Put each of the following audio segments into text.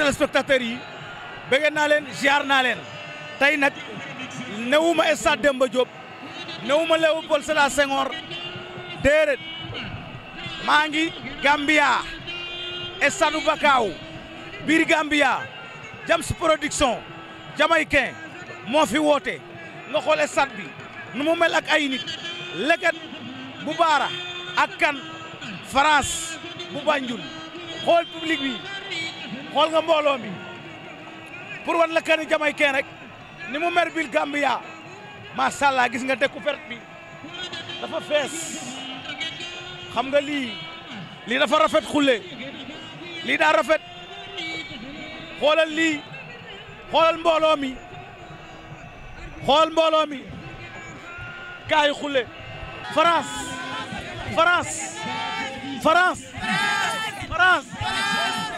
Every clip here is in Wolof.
téléspectateurs yi bëgg naa leen ziar naa leen tey nag newuma stade Demba Diop newuma Léopold Sédar Senghor maa ngi Gambia stade u Bakaaw biir Gambia Jams production jamaïcain moo fi woote nga xool stade bi nu mu mel ak ay nit leket bu ak kan France bu xool public bi xool nga mbooloo mi pour wan la kani jamay kee rek ni mu mer bil Gambia macha allah gis nga découverte bi dafa fees xam nga lii lii dafa rafet xulle lii daa rafet xoolal lii xoolal mbooloo mi xool mbooloo mi gaa yi xulle France France France France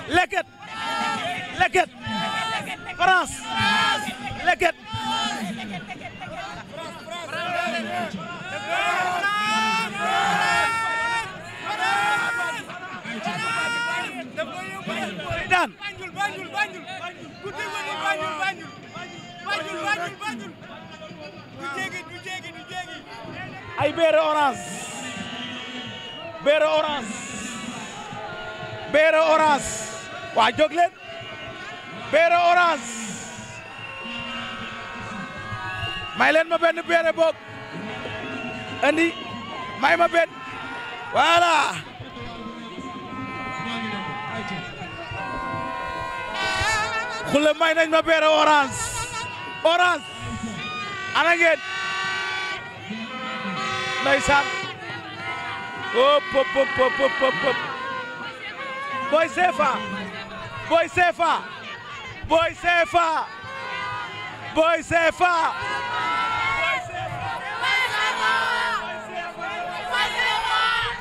leket leket France leket daan ay beere orange beere orange beere orange waa jóg leen beere orange leen ma benn beere boog andi may ma benn voilà xule may nañ ma beere orange orange ana ngeen ndeysaan hop hop hop hop Boy CFA Boy CFA Boy CFA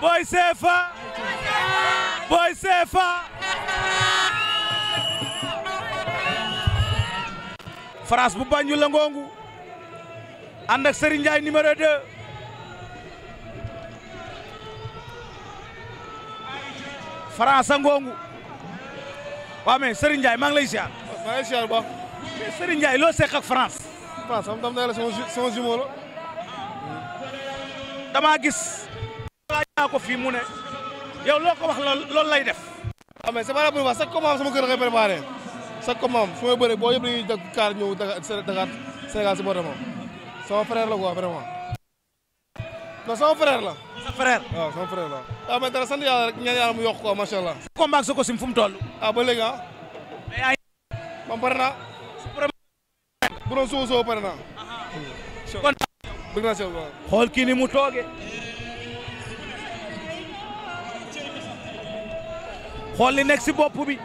Boy CFA Boy CFA France bu Banjul la ngongu ànd ak Serigne Ndiaye numéro 2 France a ngongu waaw mais Serigne Ndiaye maa ngi lay ziar. maa loo seq ak France. France am tam ne la sama sama jumeau hmm. damaa gis. laaj naa ko fii mu ne. yow loo ko wax loolu lay def. waaw ah, mais c'est pas la première fois chaque combat sama kër la koy préparé chaque combat fu may bëree boo yëpp dañuy jag kaar ñëw Dakar Sénégal si boppam sama frère la quoi vraiment. non sama frère ah, la. sa frère waaw la. waaw mais dara sant rek ñaan yàlla mu yokk ko macha allah. sa combat ak Sococim fu mu toll. ah, ah. man pare naa. bu doon soo pare hmm. naa. xool kii mu toogee. xool li nekk si bopp bi.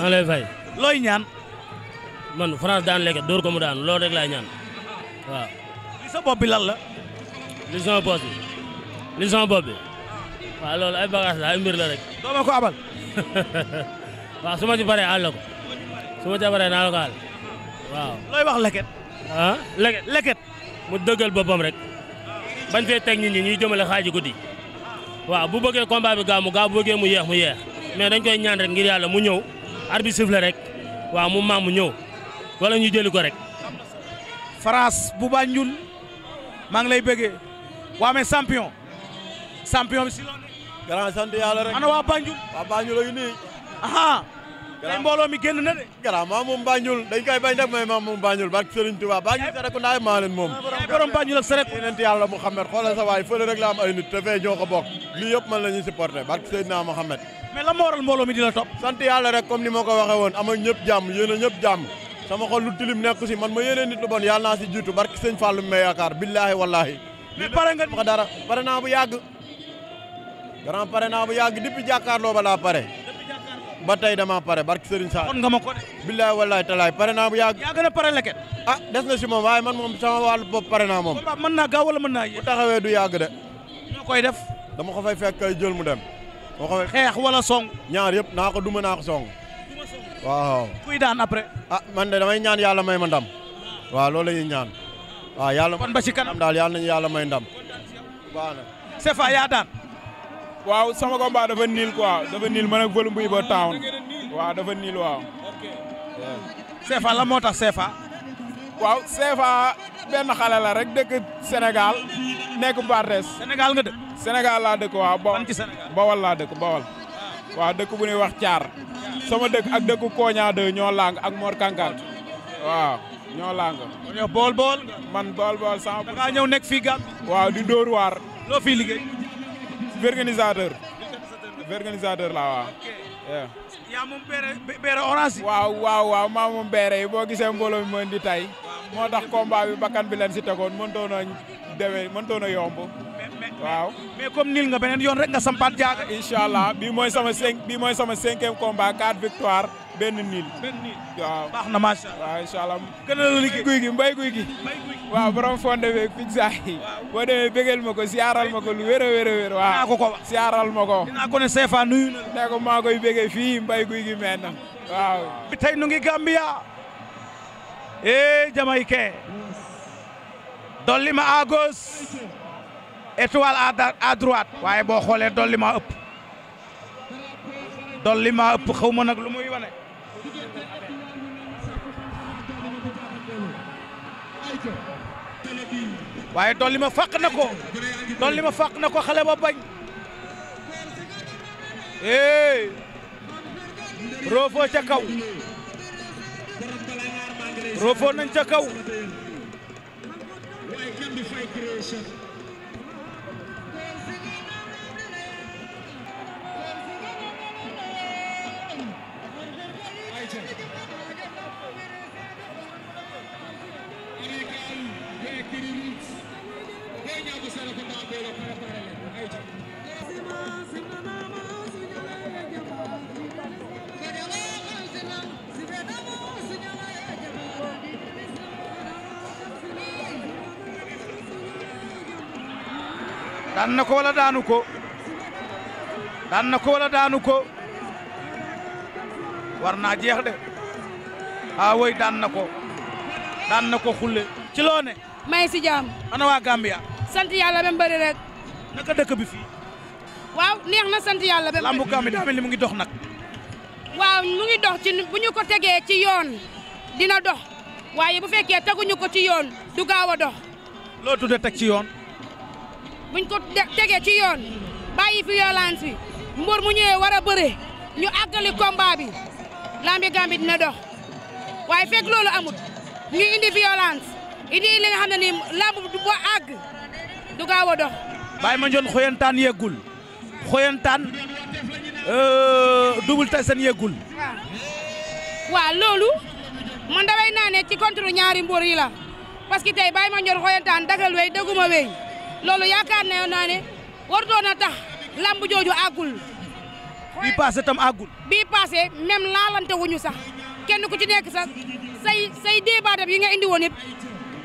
maa lay fay. looy ñaan. man France daan lekk dóor ko mu daan loolu rek laay ñaan waaw. li sa bopp bi lan la. li sama bopp bi li sama loolu ay bagages la mbir la rek. doo ko abal. waaw su ma ci paree àll ko su ma ci paree naa la looy wax leket. ah leket leket. mu dëggal boppam rek bañ fee teg nit ñi ñuy jëmale xaaji guddi waaw bu bëggee combat bi gaaw mu gaaw bu mu yeex mu yeex mais dañ koy ñaan rek yàlla mu ñëw arbitre siffle rek waaw mu maa mu ñëw. wala ñu jëli ko rek. France bu Banjul maa ngi lay bëggee waa mais champion bi si loolu. grand rek ana waa Banjul. waa Banjul ak nii. de. grand maa moom Banjul dañ koy bañ rek mais maa moom Banjul barke Serigne Touba Banjul Serekunda ay maa leen moom. borom Banjul ak Serekunda. yeneen yàlla Mouhamed xoolal sa waay fële rek la am ay nit te fee ñoo ko bokk lii yëpp man la ñuy supporter barke Seydina la moo waral mi di la topp. sant yàlla rek comme ni ma ko waxee woon am ak ñëpp jàmm. sama xol lu tilim nekku si man ma yéenee nit lu bon yàlla naa si jiitu barki sëñ Fallou may yaakaar billaahi wallaahi. mais pare nga wax dara pare naa bu yàgg. grand pare naa bu yàgg depuis jàkkaarloo ba laa pare. ba tey dama pare barki Serigne Sall. kon nga ma ko de. billaahi wallaahi talaay pare naa bu yàgg. yaa gën a pare ah, des na si moom waaye man moom sama wàllu bopp pare naa moom. man naa gaaw wala ma naa yéex. bu taxawee du yàgg de. koy def. dama ko fay fekk jël mu dem. ma ko fay xeex wala song. ñaar yëpp naa ko duma naa ko song. waaw kuy daan après. ah man de damay ñaan yàlla may ma ndam. waaw loolu la ñaan. waaw yàlla kon ba kanam daal yàlla nañu yàlla may ndam. Sefa yaa daan. waaw sama combat dafa niil quoi dafa niil man ak Vélou Mbuy ba town waaw dafa niil waaw. Sefa la moo tax Sefa. waaw Sefa benn xale la rek dëkk Sénégal nekk Barthes. Sénégal nga dëkk. Sénégal laa dëkk waaw. ban laa dëkk Bawol. waaw dëkk bu ñuy wax caar sama dëkk ak dëkku Koña de ñoo lang ak Mor Kankan waaw ñoo lang. bool bool. man bool bool sama. da ngaa ñëw nekk fii gàll. waaw di Dóor waar. loo fiy liggéey. organisateur. organisateur la waaw. beere beere waaw waaw waaw beere yi boo gisee mbooloo mi mën di tay moo tax combat bi bakkan bi leen si tegoon mëntoon a demee mëntoon a yomb. waaw mais comme nil nga beneen yoon rek nga sampaat jaaga. incha bii mooy sama cinq bii mooy sama cinquième benn nil. waaw baax na macha allah waaw incha allah. guy gi mbay guy gi. waaw borom fonde beeg pizza boo demee bégal ma siyaaral ma lu wér a wér waaw siyaaral ma ko. dinaa ko maa koy bégee fii mbay guy gi meen na waaw. tey nu ngi Gambia. eh dolli ma à étoile à droite waaye boo xoolee dolli maa ëpp dolli maa ëpp xaw ma nag lu muy wane waaye dolli ma fàq na ko dolli ma fàq na ko xale ba bañ éey roofoo ca kaw roofoo nañ ca kaw daan na ko wala daanu ko daan na ko wala daanu ko war naa jeex de ah way na ko daan na ko xulle ci loone may si jaam ana waa Gambia sant yàlla ba mu bëri rek naka dëkk bi fii waaw neex na sant yàlla ba lambu Gambia daa mel ni mu ngi dox nag waaw mu ngi dox ci bu ñu ko tegee ci yoon dina dox waaye bu fekkee teguñu ko ci yoon du gaaw a dox loo tudde teg ci yoon buñ ko tegee ci yoon bàyyi fi violence bi mu ñëwee war a bëre ñu àggali combat bi lambi gambi dina dox waaye fekk loolu amut ñu indi violence indi li nga xam ne nii lamb boo àgg du gaaw a dox. Baye Mandione xoyantaan yeggul xoyantaan euh, Double Tyson yeggul. waaw loolu man daway naa ci contre ñaari mbër yi la parce que tey Baye Mandione dagal wey dëgguma wey. loolu yaakaar ne naa ne warutoon a tax lamb jooju àggul. bii paase tam àggul. bii paase même laalante wuñu sax kenn ku ci nekk sax say say débat yi nga indi woon yëpp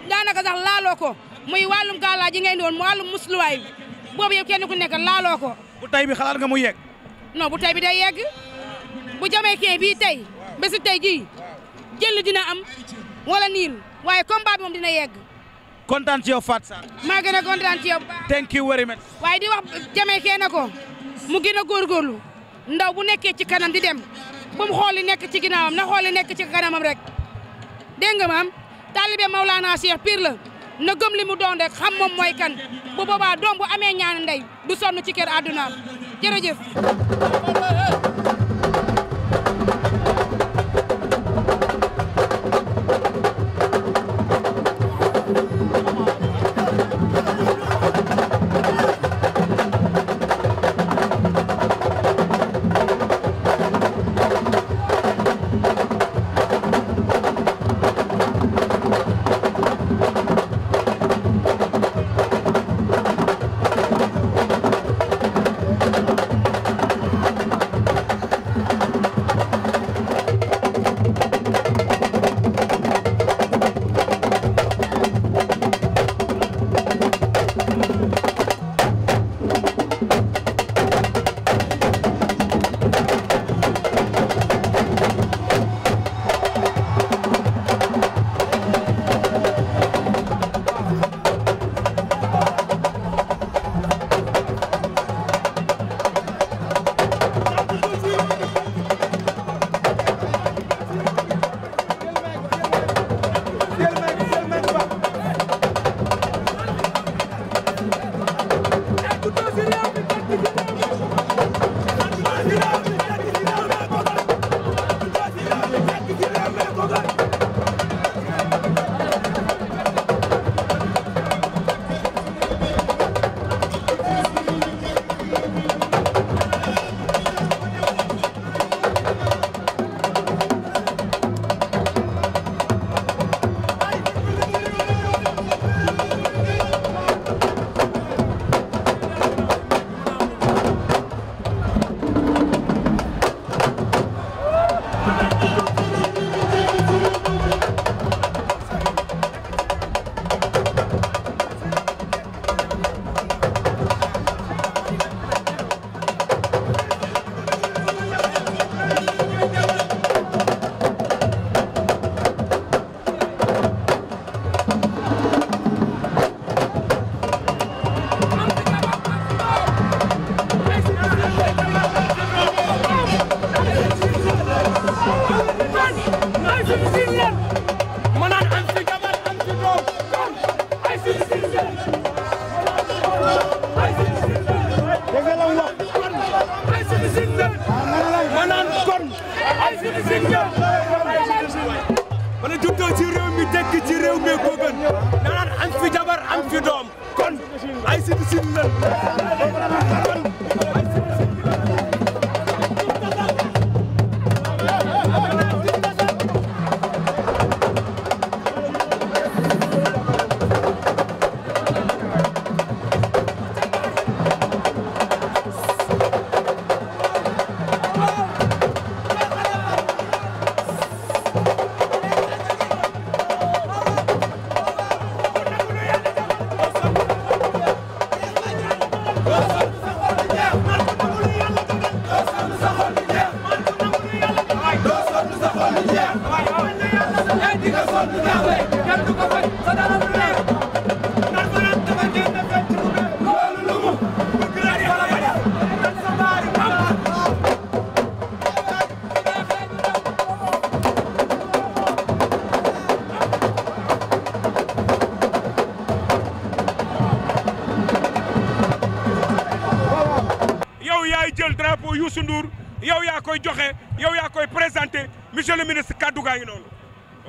daanaka sax laaloo ko muy wàllum gàllaaj yi nga indi woon mu wàllum musluwaay boobu yëpp kenn ku nekk laaloo ko. bu tay bi xalaat nga mu yegg. noo bu tay bi day yegg bu jamee kee bii tey bési tey jii jël dina am wala niil waaye combat bi moom dina yegg. kontaan ci yow Fatou Sarr. maa gën a kontaan waaye di wax Jamaïcain na ko mu gën a góorlu ndaw bu nekkee ci kanam di dem bu mu xooli nekk ci ginnaawam na xooli nekk ci kanamam rek dégg nga maam taalibe Maulana Cheikh Pire la na gëm li mu doon rek xam moom kan bu boobaa doom bu amee ñaan ndey du sonn ci kër àddunaam jërëjëf.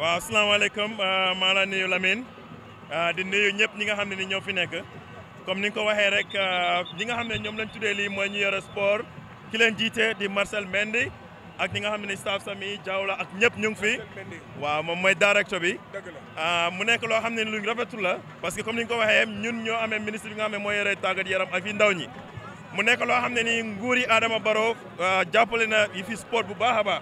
waaw asalaamaaleykum euh, maa la nuyu Lamine euh, di nuyu ñëpp ñi nga xam ne ni ñoo fi nekk comme ni nga ko waxee rek euh, ñi nga xam ne ñoom lañ tuddee lii mooy ñu yore sport ki leen jiite di Marcel Mendy ak ñi nga xam ne ni staff Sami Diaw ak ñëpp ñu ngi fi waaw moom mooy directeur bi mu nekk loo xam ne luñ rafetul la parce que comme ni nga ko waxee ñun ñoo amee ministre bi nga xam ne mooy yore tàggat yaram ak fi ndaw ñi mu nekk loo xam ne ni nguur yi Adama Barrow jàppale na yi fi sport bu baax a baax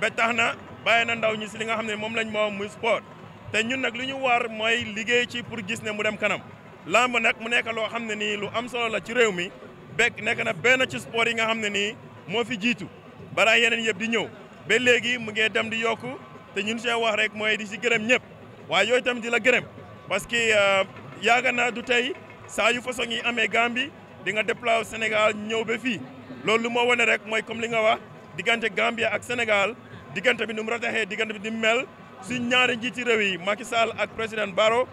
ba na bàyyi na ndaw ñi si li nga xam ne moom lañ moom muy sport te ñun nag lu ñu war mooy liggéey ci pour gis ne mu dem kanam lamb nag mu nekk loo xam ne nii lu am solo la ci réew mi bekk nekk na benn ci sport yi nga xam ne nii moo fi jiitu balaa yeneen yëpp di ñëw ba léegi mu ngee dem di yokku te ñun see wax rek mooy di si gërëm ñëpp waaye yooyu tamit di la gërëm parce que euh, yaaga na du tey saa yu façon yi amee Gambie di nga déplacer Sénégal ñëw ba fii loolu lu moo wane rek mooy comme li nga wax diggante Gambie ak Sénégal diggante bi ni mu rataxee diggante di ni mu mel suñ ñaari njiiti réew yi Macky Sall ak président Barrow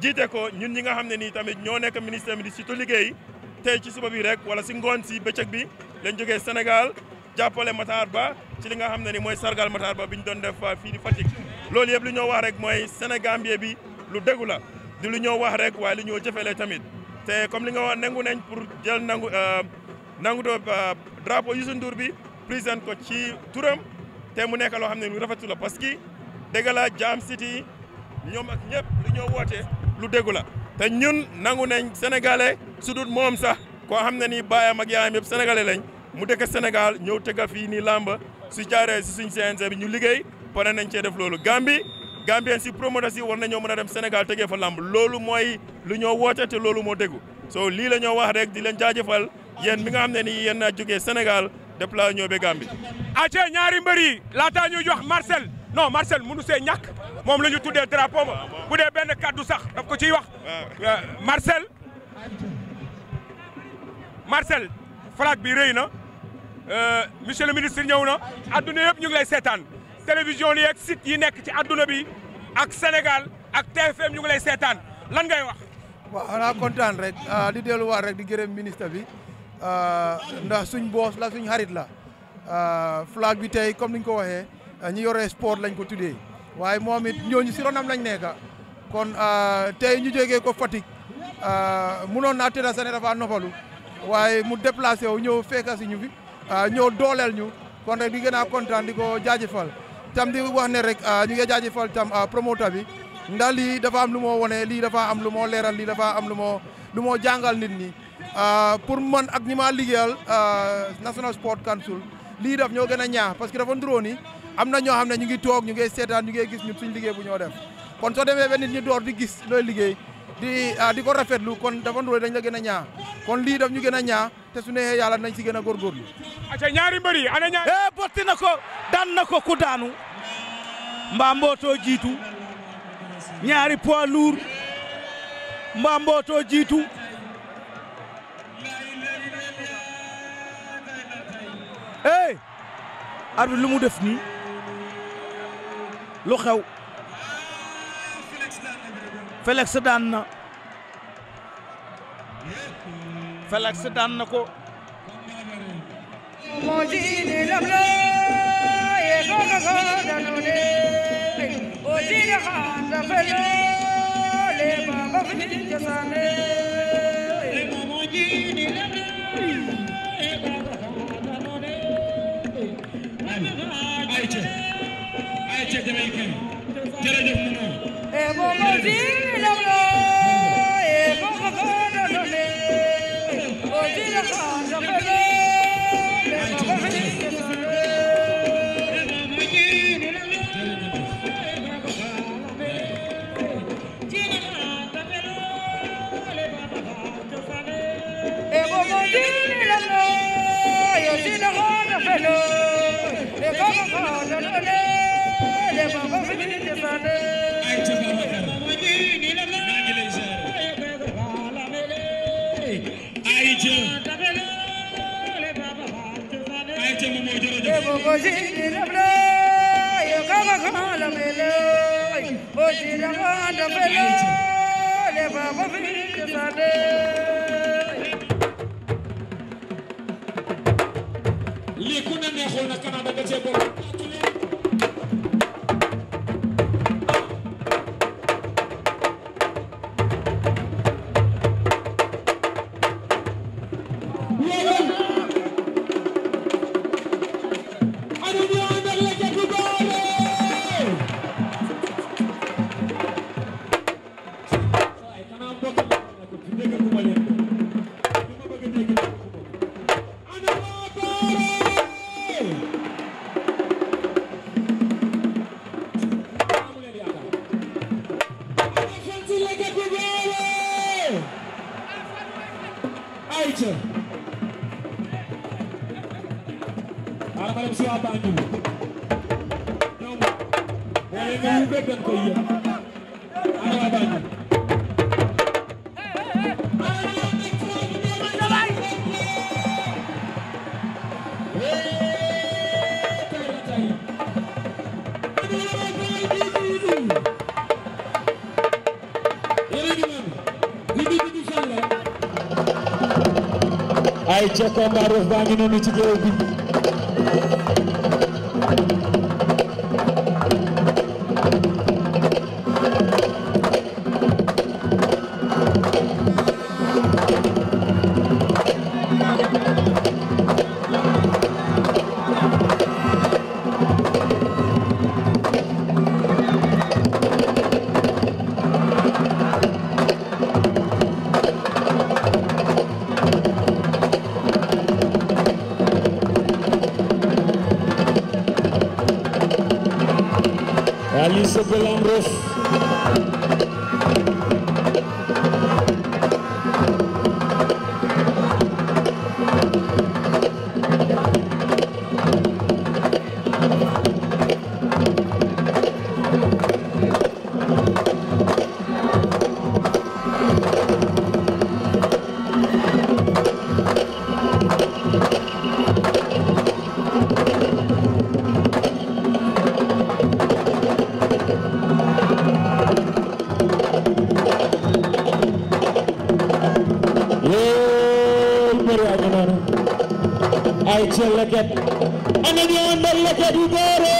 jiite ko ñun ñi nga xam ne nii tamit ñoo nekk ministère bi di surtout liggéey tey ci suba bi rek wala si ngoon si bëccëg bi lañ jógee Sénégal jàppale Matar Ba ci li nga xam ne ni mooy sargal Matar Ba bi ñu doon def fii di Fatick. loolu yëpp li ñoo wax rek mooy Sénégambie bi lu dëggu la di lu ñoo wax rek waaye li ñoo jëfelee tamit te comme li nga wax nangu nañ pour jël nangu euh, nangu doo euh, drapeau Youssou Ndour bi président ko ci turam. te mu nekk loo xam ne lu rafetu la parce que dégg la Jam City ñoom ak ñëpp lu ñoo woote lu déggu la te ñun nangu nañ sénégalais su moom sax koo xam ne nii baayam ak yaayam yëpp sénégalais lañ mu dëkk Sénégal ñëw tëgga fii nii làmba si jaaree si suñ CNG bi ñu liggéey pare nañ cee def loolu Gambie Gambien si promoteurs yi war nañoo mën a dem Sénégal tegee fa làmb loolu mooy lu ñoo woote te loolu moo déggu so lii la ñoo wax rek di leen jaajëfal yéen mi nga xam ne nii yéen a jógee Sénégal déplacé ñoo be Gambie. acca ñaari mbër yi laataa ñuy jox Marcel non Marcel mënu see ñak moom lañu ñu tuddee drapeau ma bu dee benn kaddu sax daf ko ciy wax. Ah. Euh, Marcel Marcel flag bi rëy na euh, monsieur le ministre ñëw na adduna yëpp ñu ngi lay seetaan télévision yi ak yi nekk ci adduna bi ak senegal ak TFM ñu ngi seetaan lan ngay wax. waaw xanaa kontaan rek ah, di delluwaat rek di gërëm ministre bi. Euh, ndax suñ boos la suñ xarit la euh, flag bi tey comme ni ñu ko waxee euh, ñi yore sport lañ ko tuddee waaye moom it ñooñu si ronam lañ nekka kon tey ñu jógee ko Fatick munoon naa tëdda sa ne dafa noppalu waaye mu déplacé wu ñëw fekka si ñu fi ñëw dooleel ñu kon rek di gën a kontaan di ko jaajëfal tam di wax ne rek ñu ngi jaajëfal tam promoteur bi ndax lii dafa am lu moo wone lii dafa am lu moo leeral lii dafa am lu moo lu moo jàngal nit ñi Euh, pour man ak ñi maa liggéeyal euh, National Sport Council lii daf ñoo gën a ñaax parce que dafa nduróo ni am na ñoo xam ne ñu ngi toog ñu ngi seetaan ñu ngi gis ñun suñ liggéey bu ñoo def kon soo demee ba nit ñi door di gis looy liggéey di ah, di ko rafetlu kon dafa nduróo dañ la gën a ñaax kon lii daf ñu gën a ñaax te su neexee yàlla nañ si gën a góorgóorlu. acca ñaari mbër yi ana ñaari. eh botti na ko daan na ko ku daanu mbaa mbootoo jiitu ñaari poids lourd mbaa mbootoo jiitu. arbitre lu mu def nii lu xew Félix daan na Félix daan na ko ayca jamaïcain jërëjëf maman. E jërëjëf. lii ku ne neexul na Canada da cee bokk Cekko Mbadof baa ngi noonu ci géew bi Leket. And then you on the Leket, you go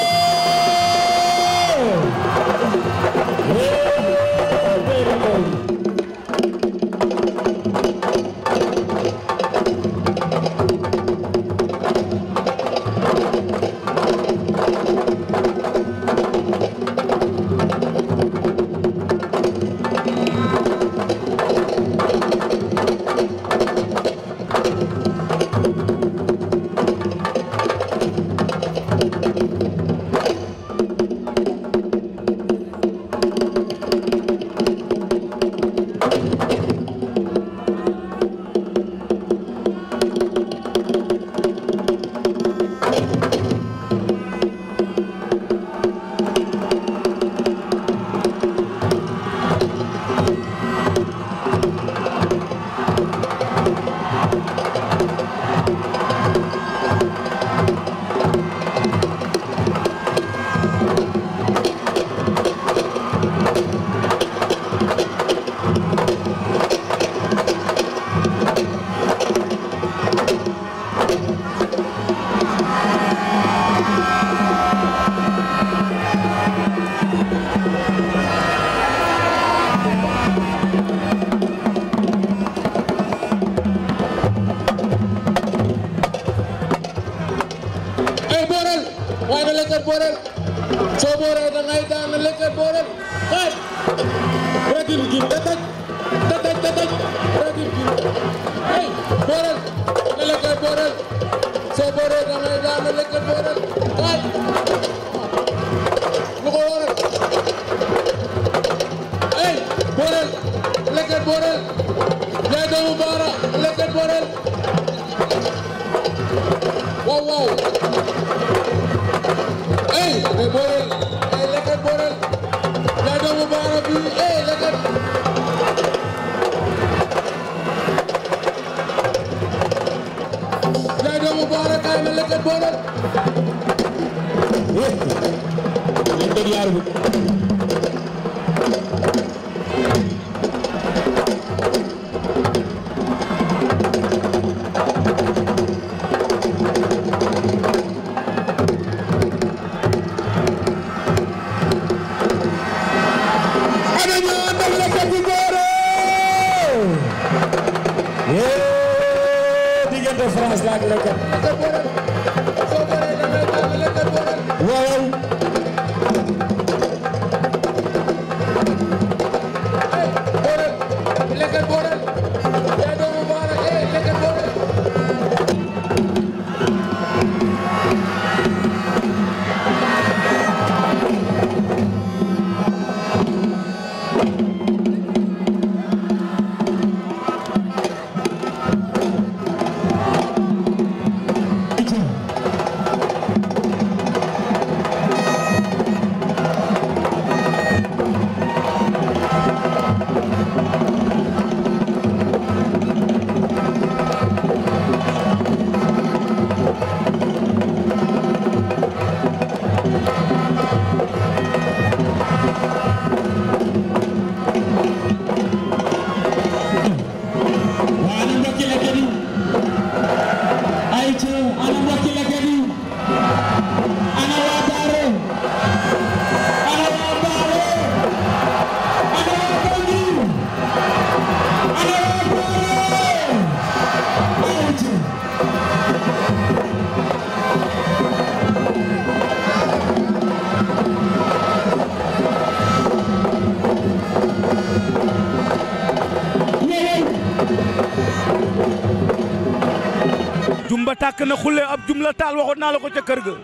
sàkk na xulle ab jum la taal waxoon naa la ko ca kër ga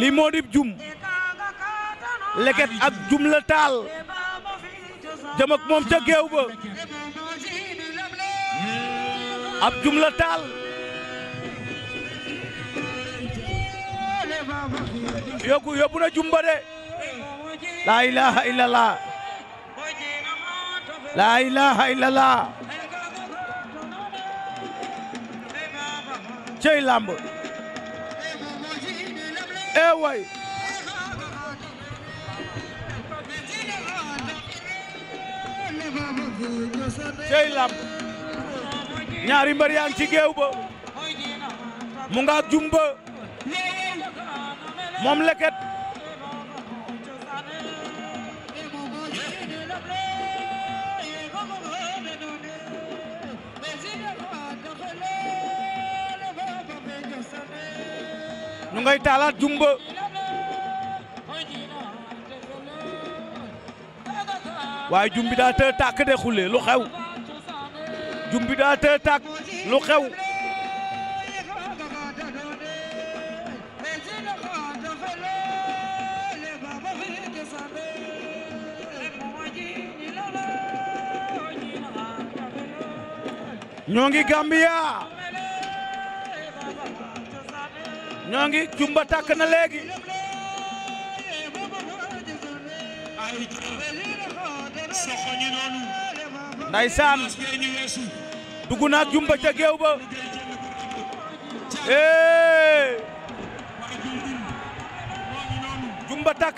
lii moo di jum leket ak jum la taal jëm ak moom ca géew ba ab jum la taal yóbbu yóbbu na jum ba de laa ilaha illallah cey làmb ee way ñaari mbër ci géew ba mu nga jumba moom leket ngay taalaat jumba waaye jumbi daa tëë tàkk de xulle lu xew jumbi daa tëë tàkk lu xew ñoo ngi Gambia ñoo ngi jumba takk na léegi ndaysaan dugg na jumba ca géew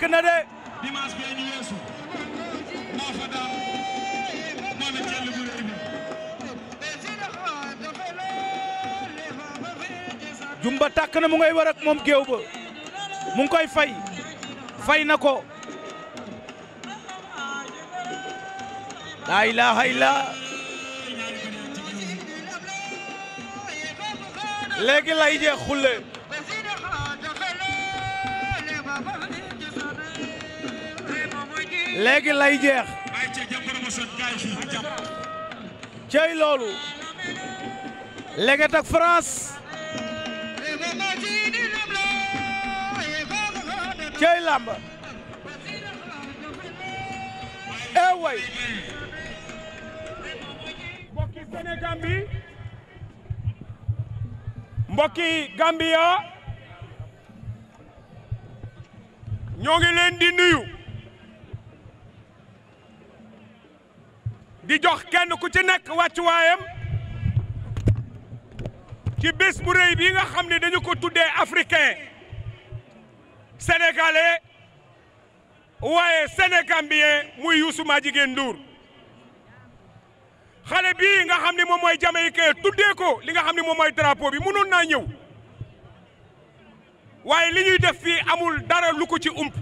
na de jumba tàkk na mu ngay war moom géew ba mu ngi koy fay fay na ko laa ilaaha illa léegi lay jee xulle léegi lay jeex cey loolu léget ak France cey làmb ee eh, way mbokki Sénégal bi ñoo ngi leen di nuyu di jox kenn ku ci nekk wàccuwaayam ci bés bu rëy bi nga xam ne dañu ko tuddee africain sénégalais waaye sénégambien muy Youssou jigéen Ndour xale bii nga xam ne moom mooy jamaïcain tuddee li nga xam ne moom mooy drapeau bi mënoon naa ñëw waaye li ñuy def fii amul dara lu ko ci ump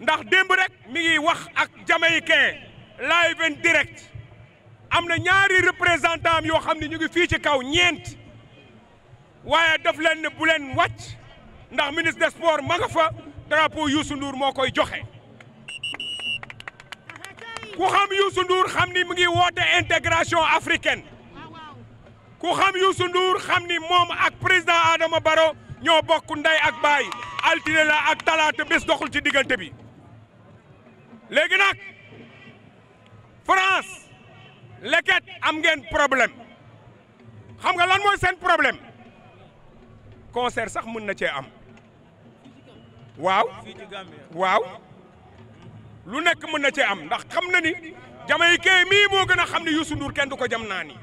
ndax démb rek mi ngi wax ak jamaïcain live en direct am na ñaari représentant yoo xam ne ñu ngi fii ci kaw ñeent waaye daf leen ne bu leen wàcc ndax ministre des sports ma nga fa drapeau Youssou Ndour moo koy joxe ku xam Youssou Ndour xam ni mu ngi woote intégration africaine ku xam Youssou Ndour xam ni moom ak président Adama Barrow ñoo bokk nday ak baay altine la ak talaata bés doxul ci diggante bi léegi nag France leket am ngeen problème xam nga lan mooy seen problème concert sax mën na cee am waaw waaw lu nekk mën na cee am ndax xam na ni jamaïcain mii moo gën a xam ni Youssou Ndour kenn du ko jam naa ni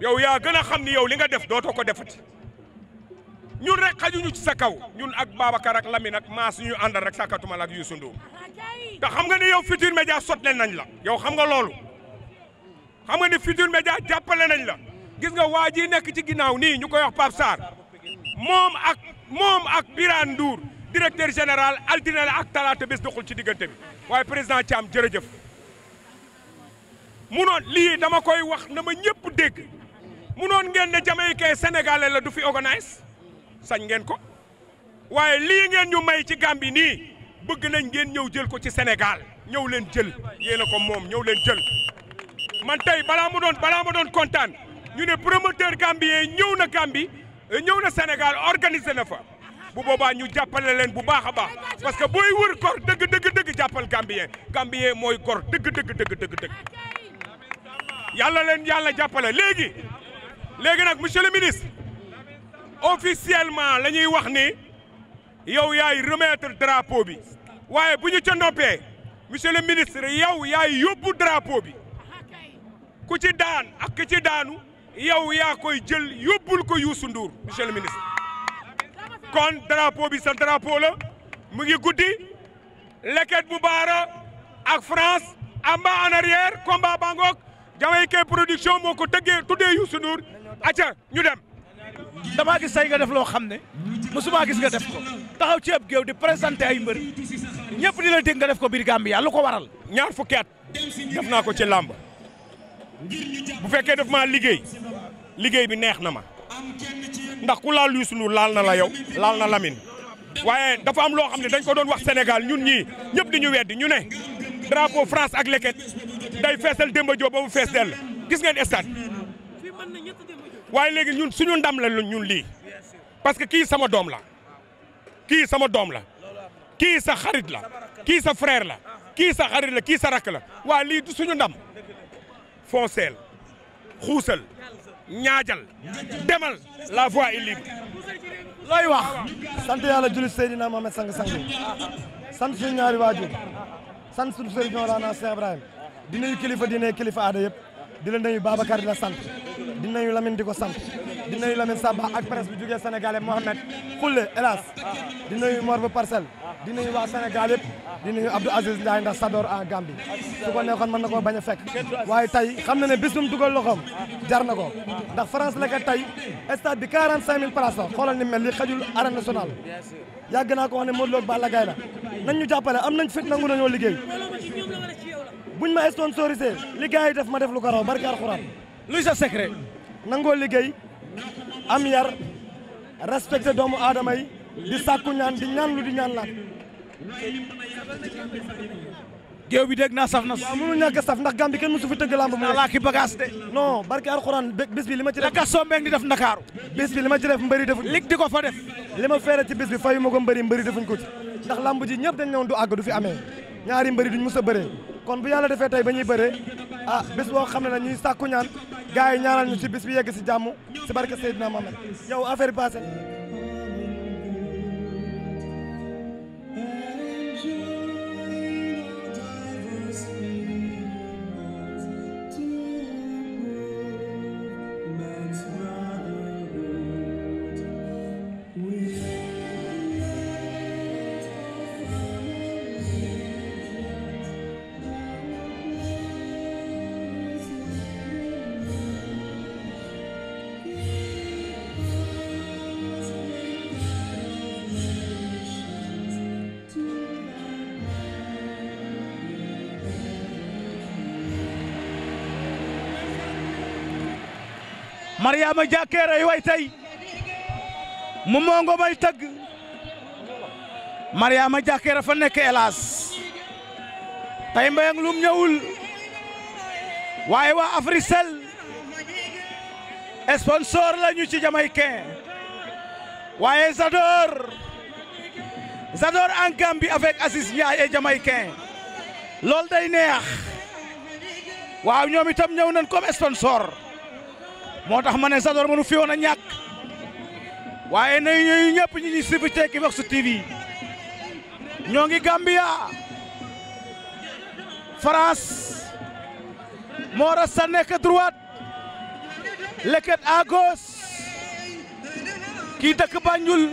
yow yaa gën a xam ni yow li nga def dootoo ko defati ñun rek xajuñu ci sa kaw ñun ak Babacar ak Lamine ak maa suñu àndal rek sàkkatuma la ak Youssou Ndour te xam nga ni yow Futurs sot sotle nañ la yow xam nga loolu xam nga ni Futurs Médias jàppale nañ la gis nga waa ji nekk ci ginnaaw nii ñu koy wax Pape Sarr moom ak moom ak Birane Ndour directeur général altine la ak talaata bés doxul ci diggante bi waaye président Thiam jërëjëf munoon lii dama koy wax na ma ñëpp dégg munoon ngeen ne kay sénégalais la du fi organise sañ ngeen ko waaye lii ngeen ñu may ci Gambie nii bëgg nañ ngeen ñëw jël ko ci Sénégal ñëw leen jël yéen ko moom ñëw leen jël man tey balaa ma doon balaa ma doon kontaan ñu ne promoteur gambien ñëw na Gambie ñëw na Sénégal organiser na fa bu boobaa ñu jàppale leen bu baax a baax parce que booy wër gor dëgg dëgg dëgg jàppal Gambien Gambien mooy gor dëgg dëgg dëgg dëgg dëgg leen yàlla jàppale léegi léegi nag monsieur le ministre officiellement la ñuy wax ni yow yaay remettre drapo bi waaye bu ñu ca noppee monsieur le ministre yow yaay yóbbu drapeau bi ku ci daan ak ku ci daanu yow yaa koy jël yóbbul ko Youssou Ndour monsieur le ministre kon drapeau bi sa drapeau la mu ngi guddi leket bu baara ak France amba en arrière combat bangook Jamaïcain production moo ko tëggee tuddee Youssou Ndour ñu dem damaa gis say nga def loo xam ne mosuma gis nga def ko taxaw ceeb ab géew di présenté ay mbër ñëpp di la nga def ko biir Gambia lu ko waral ñaar fukki at def naa ko ci làmb bu fekkee daf maa liggéey liggéey bi neex na ma ndax ku laal Youssou Ndour laal na la yow laal na Lamine waaye dafa am loo xam ne dañ ko doon wax Sénégal ñun ñii ñëpp di ñu weddi ñu ne drapeau France ak leket day feesal Demba Diop ba mu fees dell gis ngeen stade waaye léegi ñun suñu ndam la ñun lii parce que kii sama doom la kii sama doom la kii sa xarit la kii sa frère la kii sa xarit la kii sa rakk la waa lii du suñu ndam fonceel xuusal ñaajal demal la voie est libre looy wax sant yàlla jullit Seydina Mohamed sang-sang sant suñu ñaari waajur sant suñu sëriñ Mawlana Cheikh Ibrahim dinañu kilifa dinañu kilifa ada yëpp di la nuyu Babacar di la sant dinañu Lamine di ko sant di la Lamine Samba ak presse bi jugee Sénégalais Mohamed Foule hélas di nuyu Mor ba parcelle di nuyu waa Sénégal yëpp di nuyu Abdou Aziz Ndiaye ndax Sador en Gambie su neexoon mën na koo bañ a fekk waaye tey xam na ne bis bu mu dugal loxoom jar na ko ndax France la kat tey stade bi 45000 places la xoolal ni mel li xajul arène nationale yàgg naa ko wax ne Modou Lo ak Balla Gaye la nañ ñu jàppale am nañ fit nangu nañoo liggéey buñ ma sponsorisé li gars yi def ma def lu ko raw barki alxuraan luy sa secret nangoo liggéey am yar respecté doomu aadama yi di sàkku ñaan di ñaan lu di ñaan la géew bi dégg naa saf na. waaw mënul ñàkk saf ndax Gambie kenn mësu fi tëgg lamb mu ne. alaaki bagage de. barke alxuraan bés bi li ma ci def. Gaston Mbengue di def Ndakaaru. bés bi li ma ci def mbëri defuñ. lig di ko fa def. li ma feere ci bés bi fayu ma ko mbëri mbëri defuñ ko ci. ndax lamb ji ñëpp dañ ne du àgg du fi amee ñaari mbëri duñ mës a bëree kon bu yàlla defee tey ba ñuy bëree a ah, bés boo xam ne la ñuy sàkku ñaan gars yi ñaanal ñu ci bis bi yegg ci jàmm ci barke Seydina Mohamed yow affaire bi passé Mariama Jàkkeere way tey mu mongo may tëgg Mariama Jàkkeere fa nekk hélas tey mbayang lum ñëwul waaye waa Africell sponsor lañu ci jamaïcain waaye Zador Zador en Gambie avec Aziz Ndiaye et jamaïcain lool day neex waaw ñoom itam ñëw nañ comme sponsor moo tax ma ne sa mënu fi woon a ñàkk waaye na ñooyu ñëpp ñi ñuy suivre ci Equivox TV ñoo ngi Gambia France Mor Asta nekk droite Leket à kii dëkk Banjul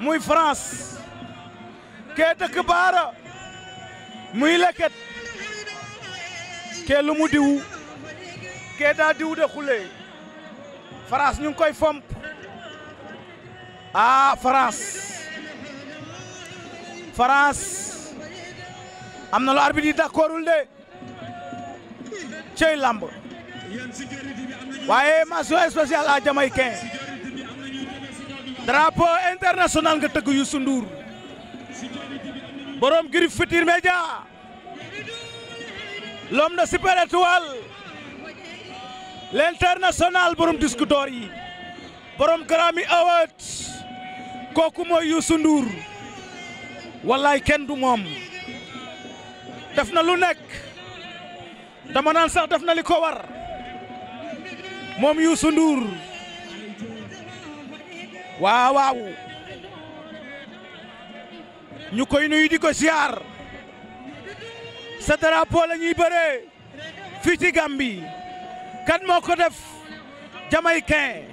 muy France kee dëkk Baara muy Leket kee lu mu diw kee daa diw de xule France ñu ngi koy fomp ah France France am na lu arbitre yi d'accordul de cey lamb waaye mention spéciale à Jamaïcain drapeau international nga tëgg Youssou Ndour borom Groupe Futurs Médias l'homme de super étoile l'international borom discutor yi borom Grammy Awards kooku mooy Youssou nduur wallaay kenn du moom def na lu nekk dama naan sax def na li ko war moom Youssou Ndour waaw waaw ñu koy nuyu di ko siyaar sa drapeau la ñuy bëree fii ci Gambie kan moo ko def jamaïcain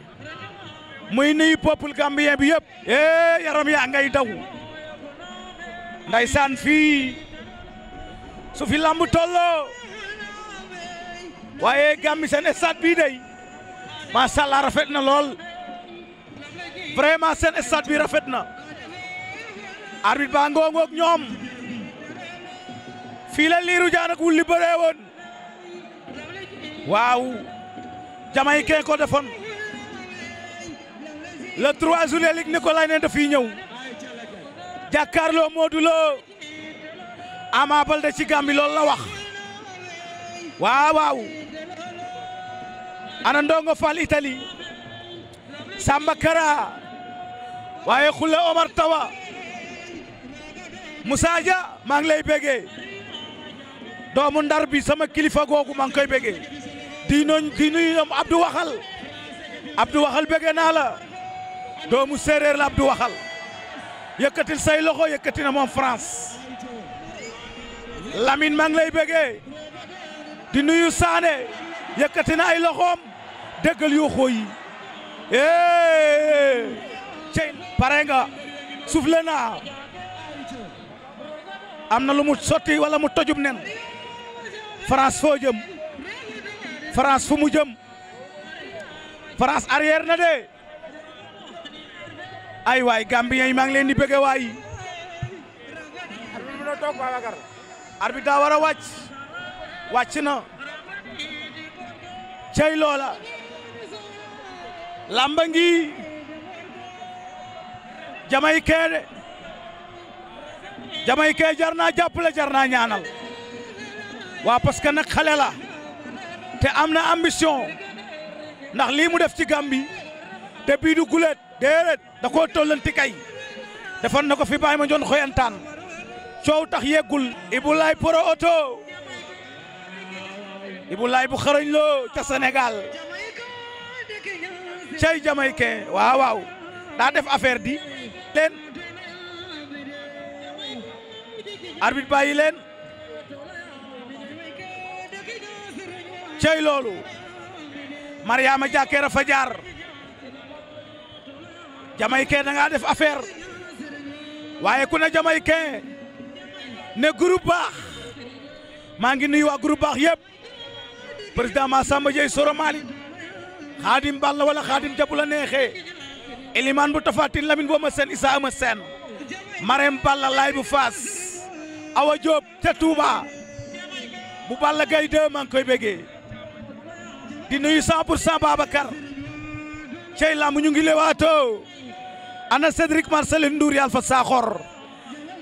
muy nuyu peuple gambien bi yëpp eh yaram yaa ngay daw ndaysaan fii su fi lamb tolloo waaye Gambie seen stade bii day macha allah rafet na lool vraiment seen stade bi rafet na arbitre baa ngoongoog ñoom fii la liiru jaan ak wulli waaw jamaïcain ko defoon le 3 juillet Luc Nicolaï ne dafiy ñëw jàkkaarloo Modou Lo Ama Baldé ci Gàmbi loolu la wax waaw waaw ana ndongo Fall Italie Samba Kara waaye Khoule Omar Tawa Moussa Dia maa ngi lay béggee doomu ndar bi sama kilifa googu maa ngi koy béggee di noñ di nuyu ñoom Abdou Waxal Abdou Waxal bëgg naa la doomu séeréer la Abdou Waxal yëkkatil say loxo yëkkati na moom France Lamine maa ngi lay bëggee di nuyu Sané yëkkati na ay loxoom déggal yoo xoo yi eh cey pare nga soufflé naa am na lu mu sotti wala mu tojum nen France foo jëm. France fu mu jëm France na de ay waay Gambien yi maa ngi leen di bëgge waay arbitre daa war a wàcc wàcc na cey loola lamba ngi jamay kee de jamay kee jar naa jàppale jar naa ñaanal waa parce que nag xale te am na ambition ndax lii mu def ci Gàmbi te bii du guleet da koo tollanti kay defoon na ko fi bàyyi ma joon xoyantaan coow tax yeggul Ibulaay Poro Oto Ibulaay bu xarañ loo ca Sénégal cay jamaïcain waaw daa def affaire di leen arbitre bàyyi leen cey loolu Mariama Jàkkeer a fa jaar jamaïcain da ngaa def affaire waaye ku ne jamaïcain ne groupe baax maa ngi nuyu waa groupe baax yëpp président Massamba Dieye Soro Mali xaadim Balla wala xaadim jabu la neexee Eliman bu Tafatin Lamine boo ma seen Issa ama seen Marème Balla laay bu Faas Awa Diop ca Touba bu Balla Gaye 2 maa ngi koy bégee di nuyu 100 pour 100 Babacar cey lamb ñu ngi lewaatoo ana Cédric Marcelin Ndour yàlla fa saaxor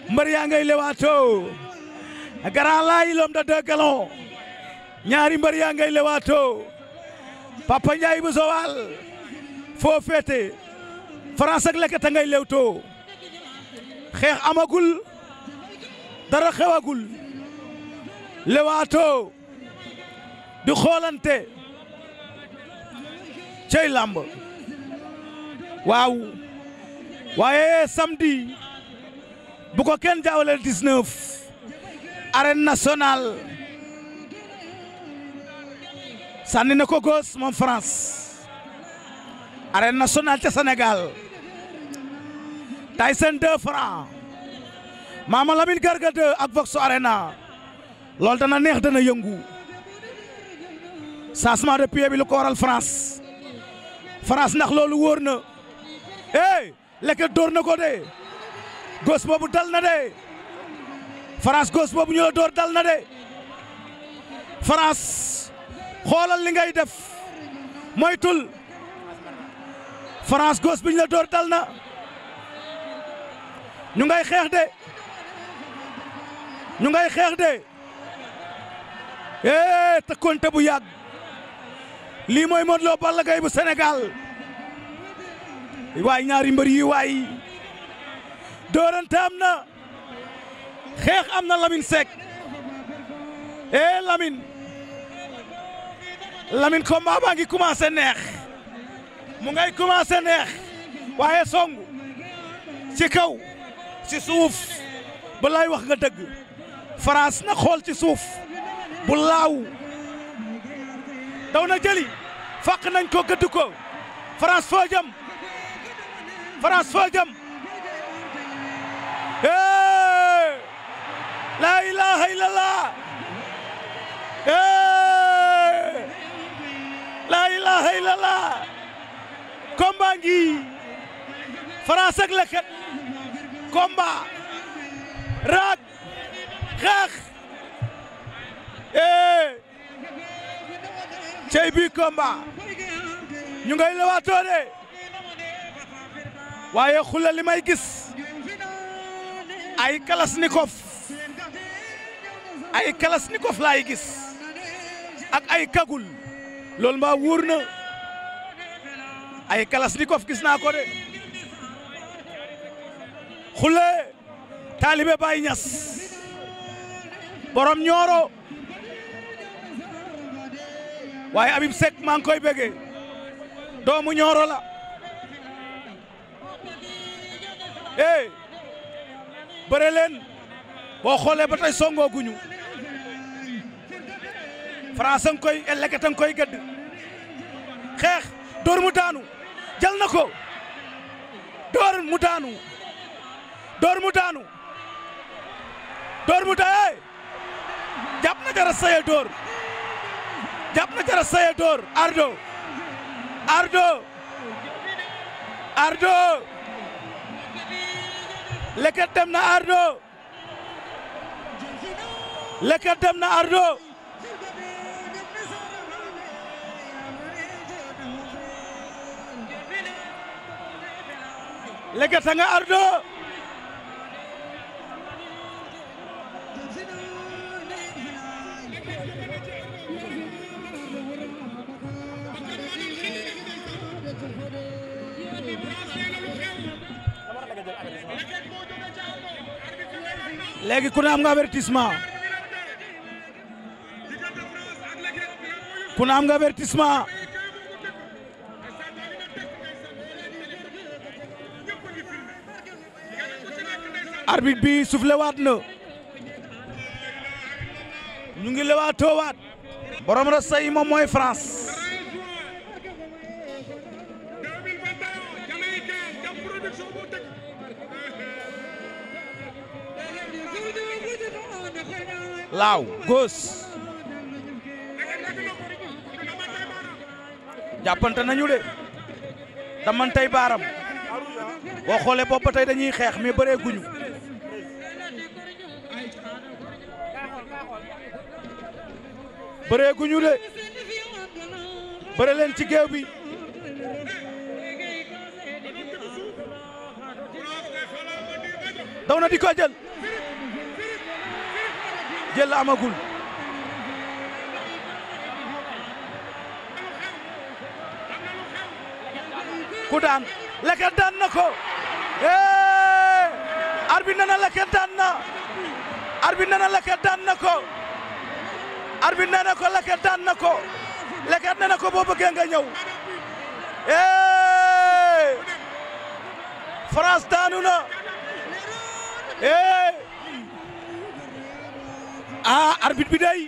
mbër yaa ngay lewaatoo grand laay l'homme de deux ñaari mbër yaa ngay lewaatoo Papa Ndiaye bu Sowal foo féete France ak Leket a ngay lewtoo xeex amagul dara xewagul lewaatoo di xoolante cey làmb waaw waaye samedi bu ko kenn jaawale 19 arène nationale sànni na ko gos moom France arène nationale ca Sénégal Tyson 2 franc Mama Lamine Garga 2 ak Vox Arena loolu dana neex dana yëngu changement de pied bi lu ko France France ndax loolu wóor na eh Leket door na ko de gos boobu dal na de France gos boobu ñu la door dal na de France xoolal li ngay def moytul France gos bi ñu la door dal na ñu ngay xeex de ñu ngay xeex de eh te bu yàgg. lii mooy Modou Lo Balla Gaye bu Sénégal waay ñaari mbër yi waay doorante am na xeex am na Lamine Seck lamin eh, lamin Lamine combat baa ngi commencé neex mu ngay commencé neex waaye song ci kaw ci suuf balaay wax nga dëgg France na xool ci suuf bu laaw. daw na jëli fàq nañ ko gëdd ko France foo jëm France foo jëm eh laa ilaaha illallah eh laa ilaaha illallah combat ngi France cey bii combat ñu ngay lewaatoo de waaye xula li may gis ay kalasnikof ay kalasnikof laay gis ak ay kagul loolu mbaa wóor na ay kalasnikof gis naa ko de xule taalibe Baay Ñas borom ñooro waaye Habib Seck maa ngi koy bëggee doomu Nioro la eh leen boo xoolee bata tey songoo guñu France koy lekket nga koy gëdd xeex door mu daanu jël na ko door mu daanu door mu daanu door mu daanu eh. jàpp na dara sayal door. jàpp na ca la saye door Ardo Ardo Ardo leket dem na Ardo leket dem na Ardo leket léegi ku ne am nga avertissement ku ne am nga avertissement arbitre bi soufflé waat na ñu ngi waat borom rasta yi moom mooy France laaw góos jàppante nañu de daman tey baaram boo xoolee boobu tey dañuy xeex mais bëree guñu bëree guñu leen ci géew bi daw na di ko jël jël amagul ku daan Leket daan na ko eh bi nee na Leket daan bi arbitre nee na Leket ko arbitre nee na ko Leket daan ko Leket nee ko boo bëggee nga ñëw eh France daanu na ah arbitre bi day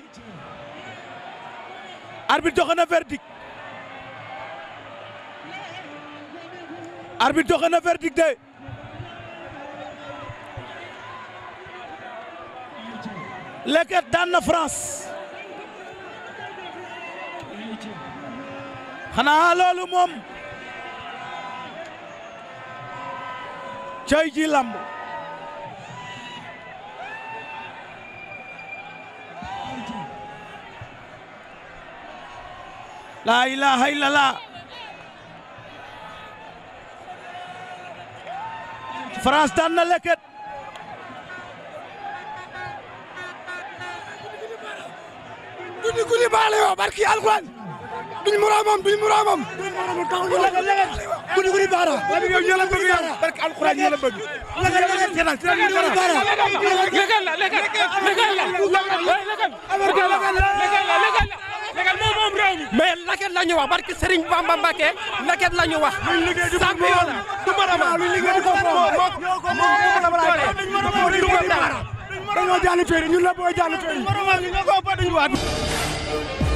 arbitre joxe na verdict arbitre joxe na verdict de Leket daan na France xanaa loolu moom cay ci lamb laa ilaaha illallah France daan na leket guddi guddi baale yoo barki Sénégal moom moom réew mi mais laket la ñu wax barki Serigne Bamba Mbacké laket la ñu wax champion la du maramaa luñ liggéey ko moom dañoo jàll féeri ñun la booy